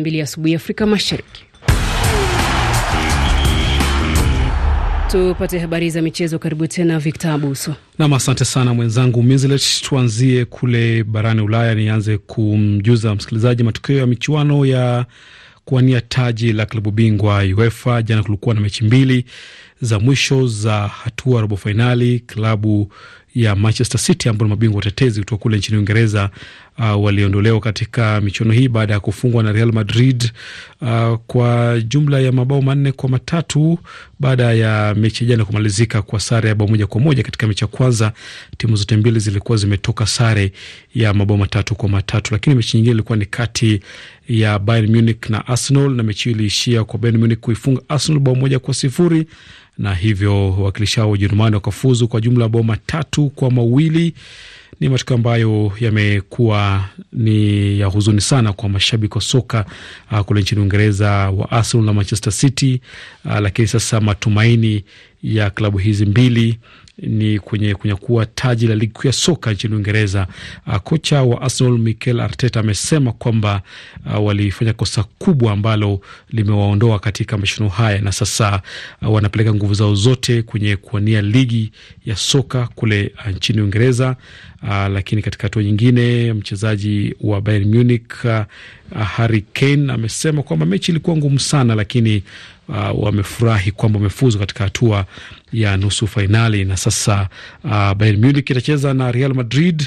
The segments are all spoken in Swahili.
Mbili asubuhi Afrika Mashariki. Tupate habari za michezo. Karibu tena Victor Abuso. Nam, asante sana mwenzangu Mizlet. Tuanzie kule barani Ulaya. Nianze kumjuza msikilizaji matokeo ya michuano ya kuwania taji la klabu bingwa UEFA. Jana kulikuwa na mechi mbili za mwisho za hatua robo fainali. Klabu ya Manchester City ambao ni mabingwa watetezi kutoka kule nchini Uingereza. Uh, waliondolewa katika michuano hii baada ya kufungwa na Real Madrid uh, kwa jumla ya mabao manne kwa matatu baada ya mechi ya jana kumalizika kwa sare ya bao moja kwa moja. Katika mechi ya kwanza timu zote mbili zilikuwa zimetoka sare ya mabao matatu kwa matatu, lakini mechi nyingine ilikuwa ni kati ya Bayern Munich na Arsenal, na mechi hiyo iliishia kwa Bayern Munich kuifunga Arsenal bao moja kwa sifuri na hivyo wawakilishi hao wa Ujerumani wakafuzu kwa jumla bao matatu kwa mawili. Ni matokeo ambayo yamekuwa ni ya huzuni sana kwa mashabiki wa soka uh, kule nchini Uingereza wa Arsenal na Manchester City uh, lakini sasa matumaini ya klabu hizi mbili ni kwenye kunyakua taji la ligi kuu ya soka nchini Uingereza. Uh, kocha wa Arsenal Mikel Arteta amesema kwamba uh, walifanya kosa kubwa ambalo limewaondoa katika mashindano haya na sasa uh, wanapeleka nguvu zao zote kwenye kuwania ligi ya soka kule uh, nchini Uingereza. Uh, lakini katika hatua nyingine mchezaji wa Bayern Munich uh, Harry Kane amesema kwamba mechi ilikuwa ngumu sana, lakini uh, wamefurahi kwamba wamefuzu katika hatua ya nusu fainali, na sasa uh, Bayern Munich itacheza na Real Madrid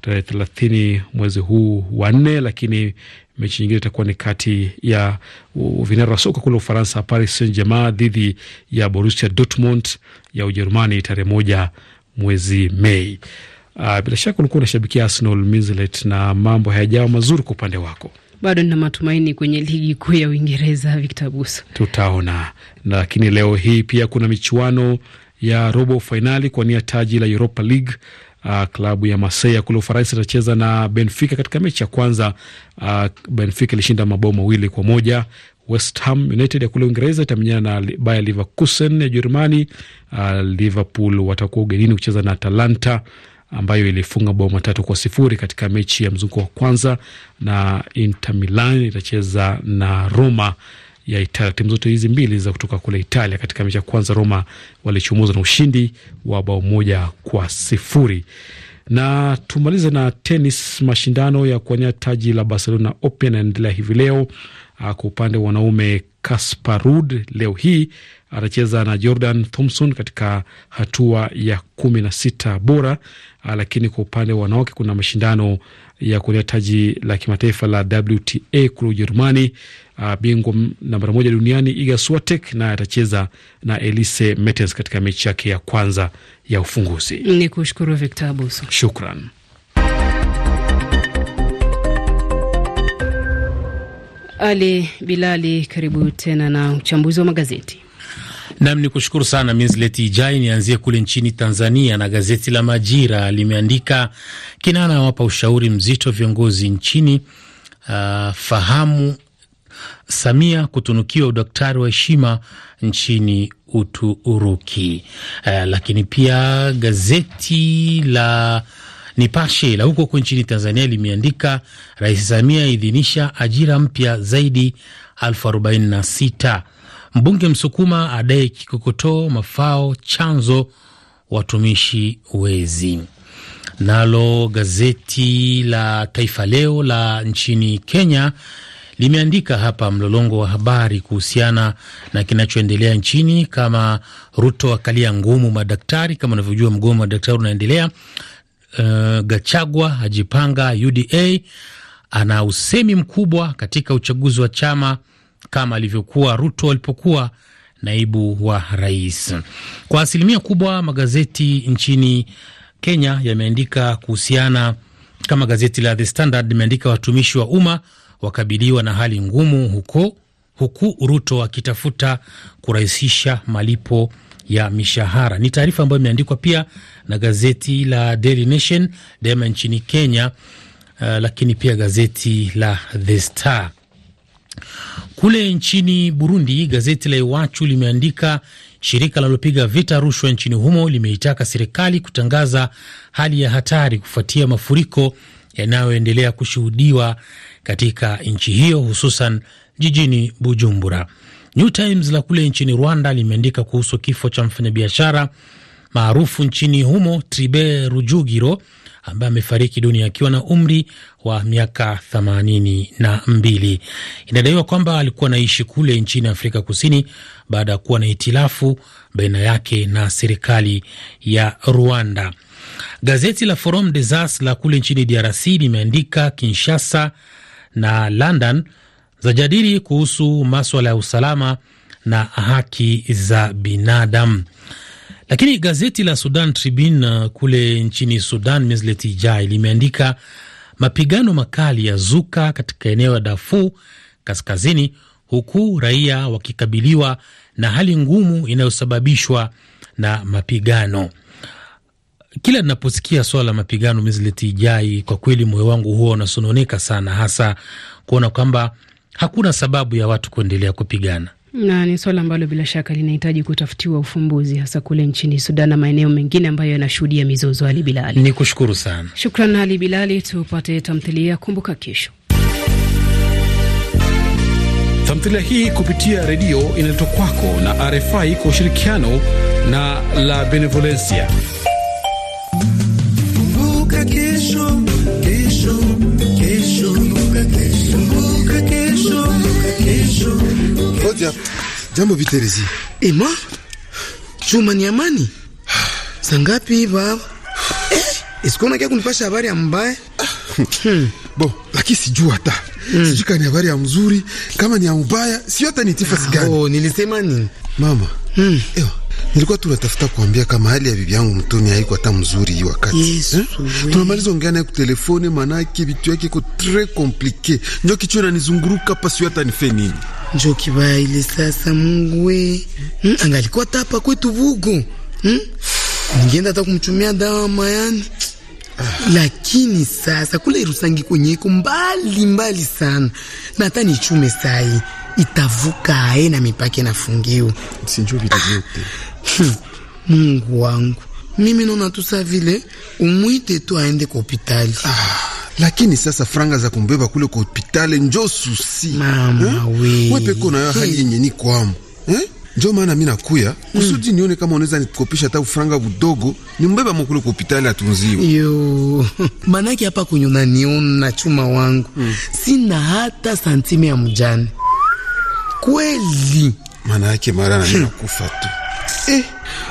tarehe thelathini mwezi huu wa nne, lakini mechi nyingine itakuwa ni kati ya vinara wa soka kule Ufaransa, Paris Saint Germain dhidi ya Borussia Dortmund ya Ujerumani tarehe moja mwezi Mei. Uh, bila shaka ulikuwa unashabikia Arsenal Mizelet, na mambo hayajawa mazuri kwa upande wako bado nina matumaini kwenye ligi kuu ya Uingereza. Victor Buso, tutaona. Lakini leo hii pia kuna michuano ya robo fainali kwa nia taji la Europa League. Uh, klabu ya Marseille kule Ufaransa itacheza na Benfica katika mechi ya kwanza. Uh, Benfica ilishinda mabao mawili kwa moja. West Ham United ya kule Uingereza itamenyana na Bayer Leverkusen ya jerumani Uh, ah, Liverpool watakuwa ugenini kucheza na Atalanta ambayo ilifunga bao matatu kwa sifuri katika mechi ya mzunguko wa kwanza, na Inter Milan itacheza na Roma ya Italia. Timu zote hizi mbili za kutoka kule Italia. Katika mechi ya kwanza, Roma walichumuza na ushindi wa bao moja kwa sifuri. Na tumalize na tenis. Mashindano ya kuwania taji la Barcelona Open yanaendelea hivi leo Ah, kwa upande wa wanaume, Kaspar Ruud leo hii atacheza na Jordan Thompson katika hatua ya kumi na sita bora. Ah, lakini kwa upande wa wanawake kuna mashindano ya kuwania taji la kimataifa la WTA kule Ujerumani. Ah, bingwa nambari moja duniani Iga Swiatek naye atacheza na Elise Mertens katika mechi yake ya kwanza ya ufunguzi. Ni kushukuru Victor Abuso, shukran. Ali Bilali, karibu tena na uchambuzi wa magazeti. Nam ni kushukuru sana Minslet Ijai. Nianzie kule nchini Tanzania na gazeti la Majira limeandika Kinana awapa ushauri mzito viongozi nchini. Uh, fahamu Samia kutunukiwa udaktari wa heshima nchini Uturuki. Uh, lakini pia gazeti la Nipashe la huko huko nchini Tanzania limeandika Rais Samia aidhinisha ajira mpya zaidi 46 Mbunge Msukuma adai kikokotoo mafao chanzo watumishi wezi. Nalo gazeti la Taifa Leo la nchini Kenya limeandika hapa mlolongo wa habari kuhusiana na kinachoendelea nchini, kama Ruto akalia ngumu madaktari. Kama unavyojua mgomo wa madaktari unaendelea uh, Gachagua ajipanga UDA ana usemi mkubwa katika uchaguzi wa chama kama alivyokuwa Ruto alipokuwa naibu wa rais. Kwa asilimia kubwa magazeti nchini Kenya yameandika kuhusiana, kama gazeti la The Standard limeandika watumishi wa umma wakabiliwa na hali ngumu huko, huku Ruto akitafuta kurahisisha malipo ya mishahara. Ni taarifa ambayo imeandikwa pia na gazeti la Daily Nation daima nchini Kenya, uh, lakini pia gazeti la The Star. Kule nchini Burundi, gazeti la Iwachu limeandika shirika linalopiga vita rushwa nchini humo limeitaka serikali kutangaza hali ya hatari kufuatia mafuriko yanayoendelea kushuhudiwa katika nchi hiyo, hususan jijini Bujumbura. New Times la kule nchini Rwanda limeandika kuhusu kifo cha mfanyabiashara maarufu nchini humo tribe Rujugiro ambaye amefariki dunia akiwa na umri wa miaka themanini na mbili. Inadaiwa kwamba alikuwa anaishi kule nchini Afrika Kusini baada ya kuwa na hitilafu baina yake na serikali ya Rwanda. Gazeti la Forum des As la kule nchini DRC limeandika Kinshasa na London zajadili kuhusu maswala ya usalama na haki za binadamu. Lakini gazeti la Sudan Tribune uh, kule nchini Sudan Meslet Ijai limeandika mapigano makali ya zuka katika eneo la Dafu kaskazini, huku raia wakikabiliwa na hali ngumu inayosababishwa na mapigano. Kila ninaposikia swala la mapigano Meslet Ijai, kwa kweli moyo wangu huwa unasononeka sana, hasa kuona kwamba hakuna sababu ya watu kuendelea kupigana na ni swala ambalo bila shaka linahitaji kutafutiwa ufumbuzi hasa kule nchini Sudan na maeneo mengine ambayo yanashuhudia mizozo. Ali Bilali, ni kushukuru sana. Shukran Ali Bilali. Tupate tamthilia Kumbuka Kesho. Tamthilia hii kupitia redio inaletwa kwako na RFI kwa ushirikiano na La Benevolencia. Kumbuka Kesho. Jambo, jambo Vitelezi. Ema? Chuma ni amani. Sangapi baba? Eh, isiko kia kunipasha habari ya mbaya? Hmm. Bo, lakini sijua hata. Hmm. Sijui kama ni habari ya mzuri, kama ni ya mbaya, sio hata ni tifa sigani. Oh, nilisema nini? Mama. Hmm. Ewa, nilikuwa tu natafuta kuambia kama hali ya bibi yangu mtoni haiko hata mzuri hii wakati. Yesu. Eh? Tunamaliza ongea naye kwa kutelefone, maanake vitu yake iko très compliqué. Ndio kichwa inanizunguruka pasi hata nifanye nini njo kibaile sasa. Mungu we mm, angalikuwa tapa kwetu vugo mm, ningeenda hata kumchumia dawa mayani lakini sasa kule Rusangi kwenye iko mbali mbali sana, na hata nichume sai itavuka ae na mipake na fungiwa sijui vitu ah! hmm, Mungu wangu, mimi naona tu sa vile umwite tu aende kwa hopitali ah lakini sasa franga za kumbeba kule kwa hospitali njo susi mama eh? we wepeko nayo hali yenye ni kwamo eh? Njo maana mi nakuya hmm. kusudi mm. nione kama unaweza nikopisha hata ufranga budogo mbeba mokule kwa hospitali atunziwe. Yo manake hapa kwenye unaniona chuma wangu mm. sina hata santime ya mjane kweli, maana yake mara na mimi nakufa tu Eh,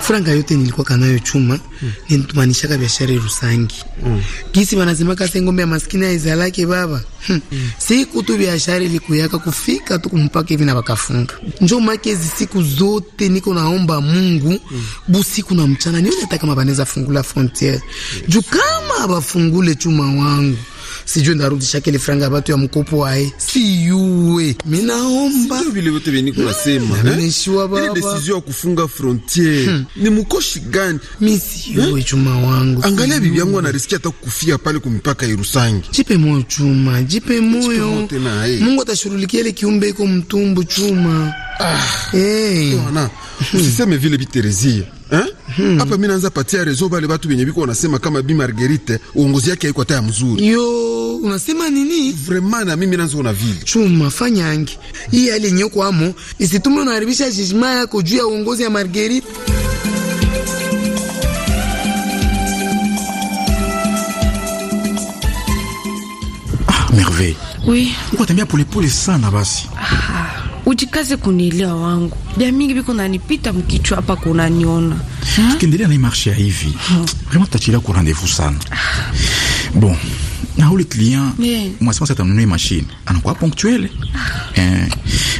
franga yote nilikuwa kanayo chuma mm. Ninitumanishaka biashara Rusangi mm. Gisi wanasemaka se ngombe ya maskini aizalake baba hm. mm. Siku tu biashara ilikuyaka kufika tu kumpaka hivi na wakafunga njo make siku zote niko naomba Mungu mm. busiku na mchana nione hata kama banaweza fungula frontiere yes. Juu kama bafungule chuma wangu sijui ndarudisha kile franga batu ya mkopo wae siyuwe. Minaomba vile vote veni kunasema nimeshiwa eh? baba, ile decision ya kufunga frontier hmm, ni mkoshi gani? Mimi siyuwe eh? chuma wangu, angalia bibi yangu anarisikia hata kufia pale kumipaka Irusangi. Jipe moyo chuma, jipe moyo, eh. Mungu atashurulikia ile kiumbe iko mtumbu chuma Bwana, ah. hmm. usiseme vile Biterezia eh? Hmm. Hapa naanza patia rezo wale watu wenye biko wanasema kama Bi Marguerite uongozi yake haiko hata mzuri. Yo, unasema nini? Vraiment na mimi naanza ona vile. Chuma fanya ange. Hii hali yenyewe kwa amo, isitume unaharibisha jijima yako juu ya uongozi ya Marguerite. Ah, merveille. Oui. Uko tembea polepole sana basi. Ah ujikaze kunielewa wangu bya mingi biko nanipita mkichwa hapa kunaniona, tukiendelea na marshe ya hivi hmm. vraiment tutachelewa ku rendez-vous sana ah. bon na ule client yeah. mwasema sasa tununue machine anakuwa ponctuel ah. eh,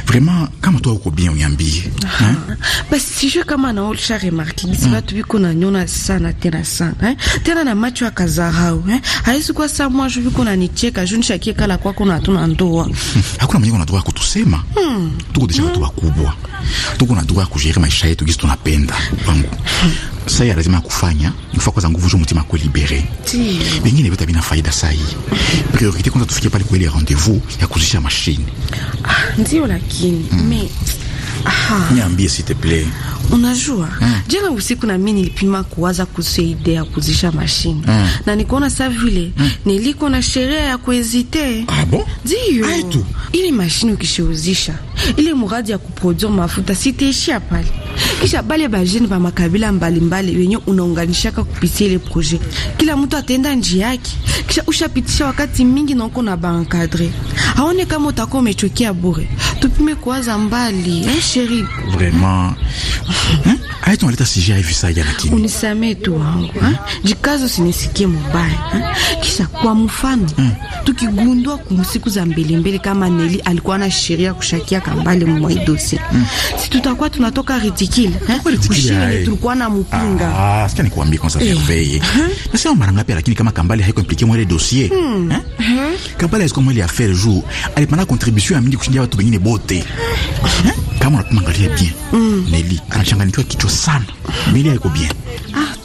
vraiment kama tu uko bien uniambie eh? basi kama na ule cha remarque gisi watu biko na nyona sana tena sana eh? tena na macho akazahau eh? haisi kwa saa mwa juu biko na nicheka juu nishakie kala kwako na hatuna ndoa hakuna mwenye unatoka kutusema hmm. tuko deja watu wakubwa tuko na doa kujere maisha yetu gisi tunapenda kwangu sai ya lazima kufanya ifaa kwa nguvu zo mutima kulibere vingine vyote vina faida sai. Priorite kwanza tufike pale kwa ile rendezvous ya kuzisha mashine. Ah, ndio lakini me, mm. aha, niambie s'il te plaît Unajua mm. Jana usiku na mimi nilipima kuwaza kuhusu idea ya kuzisha mashine mm. na nikuona saa vile mm. niliko na sheria ya kuezite ah, bon? Ndio ile mashine ukisheuzisha ile muradi ya kuproduire mafuta sitaishia pale, kisha bale bajeni ba makabila mbalimbali wenye unaunganishaka kupitia ile proje, kila mtu atenda njia yake, kisha ushapitisha wakati mingi na uko na bankadre, haone kama utakuwa umechokia bure. Tupime kuwaza mbali eh, sheri vraiment Aitunaleta sije hivi saa jana kimi. Unisamee tu wangu. Jikazo sinisikie mubaya. Kisha kwa mfano, tukigundua kumsiku za mbele mbele kama Neli alikuwa na sheria kushakia kambale mwaidose. Si tutakuwa tunatoka ridicule. Kushini tulikuwa na mpinga. sikia nikuambie kwanza Herveye. Nasema mara ngapi lakini kama kambale haiko impliqué mwele dossier. Kambale hmm. haiko mwele affaire jour. Alipana contribution ya mingi kushindia watu wengine bote kama unatuangalia bien mm. Neli anachanganyikiwa kichwa sana, mili haiko bien ah.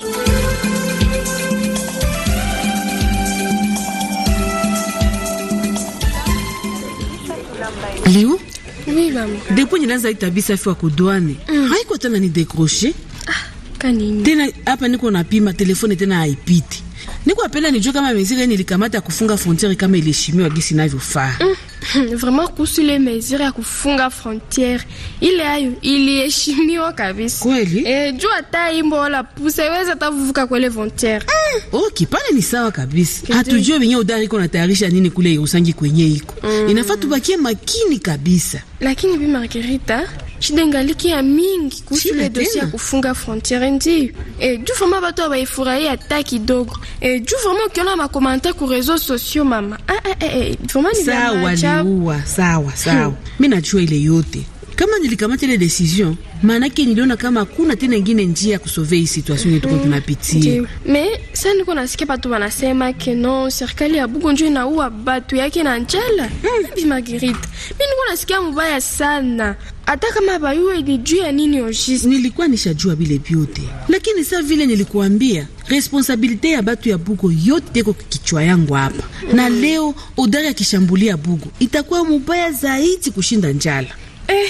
Leo oui, mama, depuis ninaanza hii tabia safi kudwane mm. haiko tena ni décrocher ah, Kanini. Tena hapa niko napima telefone tena haipiti. Niko apela nijue kama mizigo nilikamata kufunga frontiere kama ilishimiwa gisi inavyofaa. Mm. vraiment kuhusu ile mesure ya kufunga frontiere ile, ayo iliheshimiwa kabisa kweli eh, juu hata imbo wala puse iweza hata kuvuka frontiere mm. Ah! Okay, oh, pale ni sawa kabisa. Hatujue wenye udari iko natayarisha nini kule usangi kwenye iko mm. Inafaa tubakie makini kabisa, lakini bi Margarita shida ingalikia mingi kuhusu ile dosie ya kufunga frontiere ndio. E, eh, juu vraiment watu hawaifurahii hata kidogo. E, juu vraiment ukiona makomanta ku reseau sociaux mama. Ah, ah, eh, eh, eh vraiment ni sawa, sawa, sawa. Mimi hmm. najua ile yote kama nilikamata ile decision, yake niliona kama hakuna tena ingine njia ya kusove hii situation yetu tunapitia. Me sasa niko nasikia watu wanasema ke no serikali ya Bugonjo inaua batu yake na njala. Hmm. Bibi Marguerite, mimi niko nasikia mbaya sana. Hata kama bayuwe ilijua nini ojisi. Nilikuwa nishajua bile vyote. Lakini saa vile nilikuambia, responsabilite ya batu ya Bugo yote iko kichwa yangu hapa. Na leo odari kishambulia Bugo itakuwa mubaya zaidi kushinda njala eh,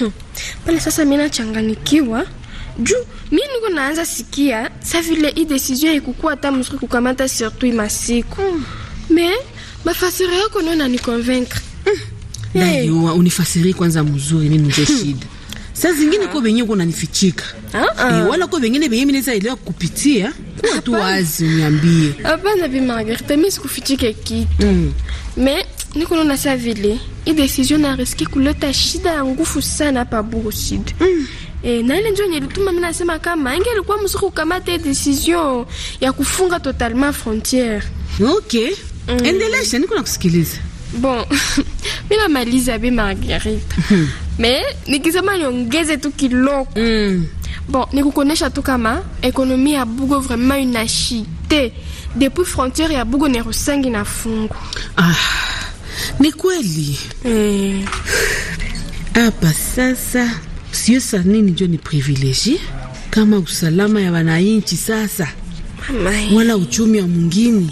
hmm. pale sasa mimi nachanganikiwa juu mi niko naanza sikia sa vile hii decision haikukuwa hata mzuri kukamata surtout masiku mm. me mafasiri yako nao nanikonvaincre mm. Hey. Dayua eh. unifasiri kwanza mzuri, mimi ndio hmm. shida Sasa zingine ah. ko venye uko nanifichika Ah, uh wala ko vengine venye minaweza elewa kupitia tu wazi uniambie. Hapana bi Margaret, mimi sikufichike kitu mm. me niko naona saa vile i decision na riski kuleta shida ya ngufu sana pa Buru Sud mm. E, na ile ndio nilituma mimi nasema kama ingelikuwa mzuri ukamate decision ya kufunga totalement frontiere. Okay. Mm. Endelesha, niko nakusikiliza. Bon, mimi namaliza bi Margarita. Mm. Me nikisema niongeze tu kiloko. Mm. Bon, nikukonesha tu kama ekonomi ya Bugo vraiment inashite. Depuis frontière ya Bugo ni rusangi na fungu. Ah. Ni kweli hapa eh. mm. Sasa sio saa nini njo ni privilegi kama usalama ya wananchi sasa Mama. wala uchumi wa mwingine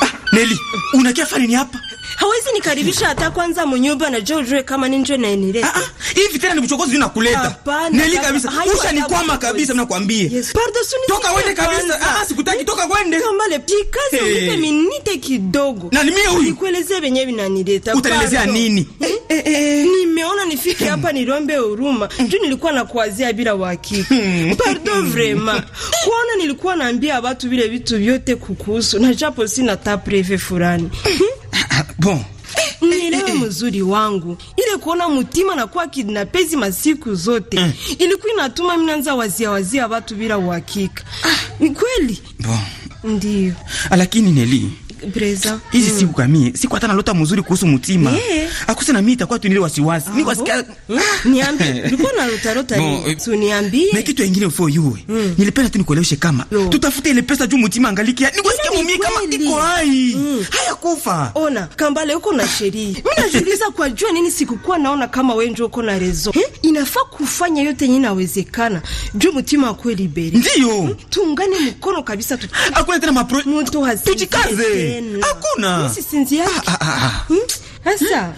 ah, Neli unakia fanini hapa hawezi nikaribisha hata kwanza mnyumba na jo ujue kama ninjwe na enirete. Ah, ah, hivi tena ni mchokozi unakuleta. Neli kabisa. Usha ni kwama kabisa mnakwambie. Yes. Pardon suni. Toka wende kabisa. Ah, ah, sikutaki toka wende. Kama le pikazi hey. Mbite minite kidogo. Na ni mimi huyu. Nikuelezee benye enirete. Utaelezea nini? Eh eh, eh, eh, eh. Nimeona nifike hmm. hapa nilombe huruma. Hmm. Juu nilikuwa na kuwazia bila uhakika. Hmm. Pardon vraiment. Kuona nilikuwa naambia watu vile vitu vyote kukuhusu na japo sina ta preve fulani bon eh, eh, Unielewe eh, mzuri wangu, ile kuona mutima kuwa kidnapezi masiku zote mm. ilikuwa inatuma mimi naanza wazia wazia watu bila uhakika. Ah, ni kweli bon, ndio ah, lakini Neli Breza. Hizi mm. siku kami, siku hata nalota mzuri kuhusu mtima. Yeah. Akuse na mimi itakuwa tu nile wasiwasi. Mm. Ah, Niko Niambi, Niambie, ulikuwa unalota lota nini? Eh, so niambie. Na kitu kingine for you. Mm. Nilipenda tu nikueleweshe kama no. Tutafuta ile pesa juu mtima angalikia. Niko sikia yaani mimi kama iko hai. Mm. Haya kufa. Ona, kambale uko na sheria. Mimi najiuliza kwa jua nini sikukuwa naona kama wewe ndio uko na rezo. Eh? Inafaa kufanya yote yenyewe inawezekana. Juu mtima kweli libere. Ndio. Tuungane mkono kabisa tu. Akwenda tena mapro. Mtu hazikaze hakuna sinzi yake sasa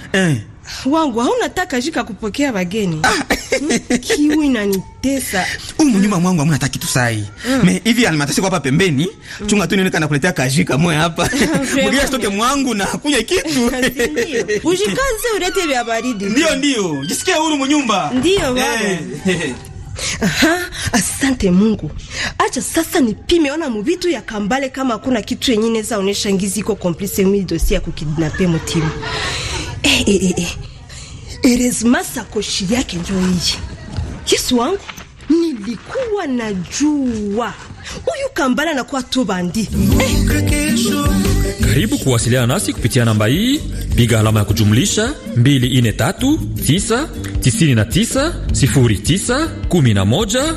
wangu haunataka jika kupokea wageni ah. hmm? kiu inanitesa umu nyuma mwangu amuna taki tu sai hmm. me hivi alimatasi kwa hapa pembeni hmm. chunga tu nionekana kuletea kajika mwe hapa mgeni asitoke mwangu na kunya kitu ujikaze ulete vya baridi ndio ndio jisikie huru mnyumba ndio wangu Aha, asante Mungu. Acha sasa nipime ona muvitu ya kambale kama hakuna kitu yenye za onesha ngizi iko complice mimi dossier ya kukidnape mtimu. Eh eh eh. Erezma eh. sakoshi yake ndio hii. Yesu wangu, nilikuwa najua. Huyu kambale anakuwa tu bandi. Eh. Karibu kuwasiliana nasi kupitia namba hii, piga alama ya kujumlisha 243 999 09 11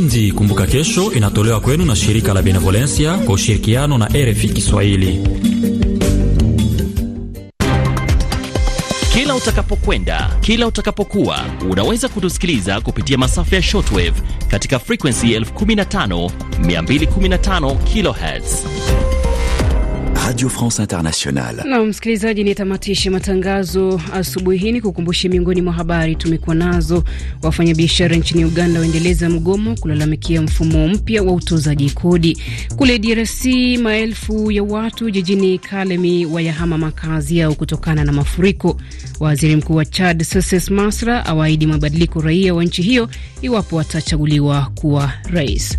Ulinzi Kumbuka Kesho inatolewa kwenu na shirika la Benevolencia kwa ushirikiano na RFI Kiswahili. Kila utakapokwenda, kila utakapokuwa, unaweza kutusikiliza kupitia masafa ya shortwave katika frequency 15215 kHz Radio France Internationale. Na msikilizaji, nitamatishe matangazo asubuhi hii ni kukumbushe miongoni mwa habari tumekuwa nazo. Wafanyabiashara nchini Uganda waendeleza mgomo kulalamikia mfumo mpya wa utozaji kodi. Kule DRC, maelfu ya watu jijini Kalemi wayahama makazi yao kutokana na mafuriko. Waziri Mkuu wa Chad Succes Masra awaahidi mabadiliko raia wa nchi hiyo iwapo atachaguliwa kuwa rais.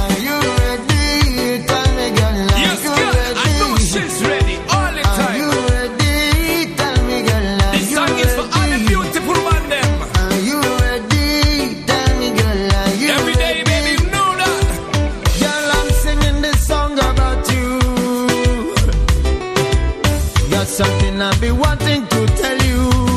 Got something I've been wanting to tell you.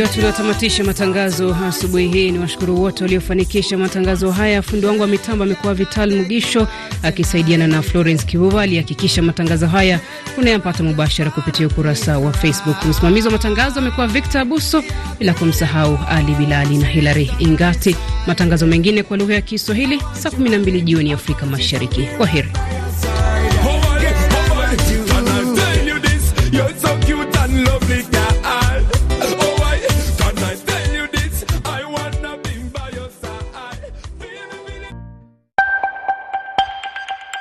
ndivyo tunatamatisha matangazo asubuhi hii. Ni washukuru wote waliofanikisha matangazo haya. Fundi wangu wa mitambo amekuwa Vital Mugisho akisaidiana na Florence Kivuva aliyehakikisha matangazo haya unayapata mubashara kupitia ukurasa wa Facebook. Msimamizi wa matangazo amekuwa Victor Abuso, bila kumsahau Ali Bilali na Hilary Ingati. Matangazo mengine kwa lugha ya Kiswahili saa 12 jioni Afrika Mashariki. Kwa heri.